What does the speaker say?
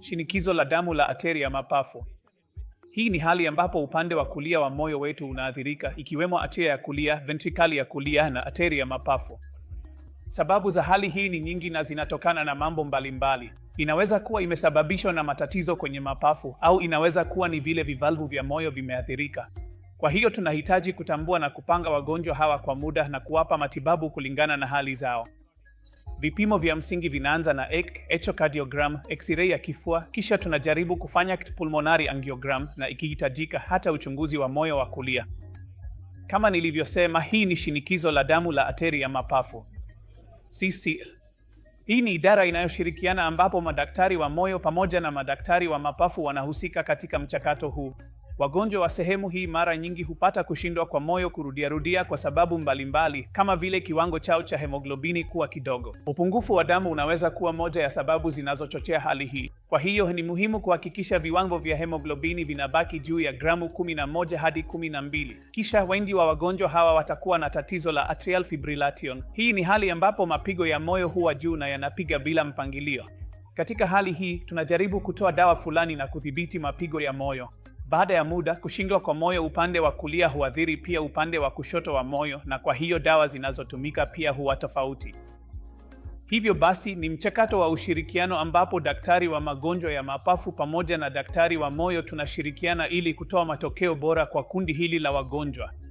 shinikizo la damu la ateri ya mapafu. Hii ni hali ambapo upande wa kulia wa moyo wetu unaathirika, ikiwemo atria ya kulia, ventrikali ya kulia na ateri ya mapafu. Sababu za hali hii ni nyingi na zinatokana na mambo mbalimbali mbali. Inaweza kuwa imesababishwa na matatizo kwenye mapafu au inaweza kuwa ni vile vivalvu vya moyo vimeathirika. Kwa hiyo tunahitaji kutambua na kupanga wagonjwa hawa kwa muda na kuwapa matibabu kulingana na hali zao. Vipimo vya msingi vinaanza na echocardiogram, x-ray ya kifua, kisha tunajaribu kufanya pulmonary angiogram na ikihitajika hata uchunguzi wa moyo wa kulia. Kama nilivyosema, hii ni shinikizo la damu la ateri ya mapafu CCL. Hii ni idara inayoshirikiana ambapo madaktari wa moyo pamoja na madaktari wa mapafu wanahusika katika mchakato huu. Wagonjwa wa sehemu hii mara nyingi hupata kushindwa kwa moyo kurudiarudia kwa sababu mbalimbali mbali, kama vile kiwango chao cha hemoglobini kuwa kidogo. Upungufu wa damu unaweza kuwa moja ya sababu zinazochochea hali hii. Kwa hiyo ni muhimu kuhakikisha viwango vya hemoglobini vinabaki juu ya gramu 11 hadi 12. Kisha wengi wa wagonjwa hawa watakuwa na tatizo la atrial fibrillation. Hii ni hali ambapo mapigo ya moyo huwa juu na yanapiga bila mpangilio. Katika hali hii tunajaribu kutoa dawa fulani na kudhibiti mapigo ya moyo. Baada ya muda, kushindwa kwa moyo upande wa kulia huathiri pia upande wa kushoto wa moyo, na kwa hiyo dawa zinazotumika pia huwa tofauti. Hivyo basi, ni mchakato wa ushirikiano ambapo daktari wa magonjwa ya mapafu pamoja na daktari wa moyo tunashirikiana ili kutoa matokeo bora kwa kundi hili la wagonjwa.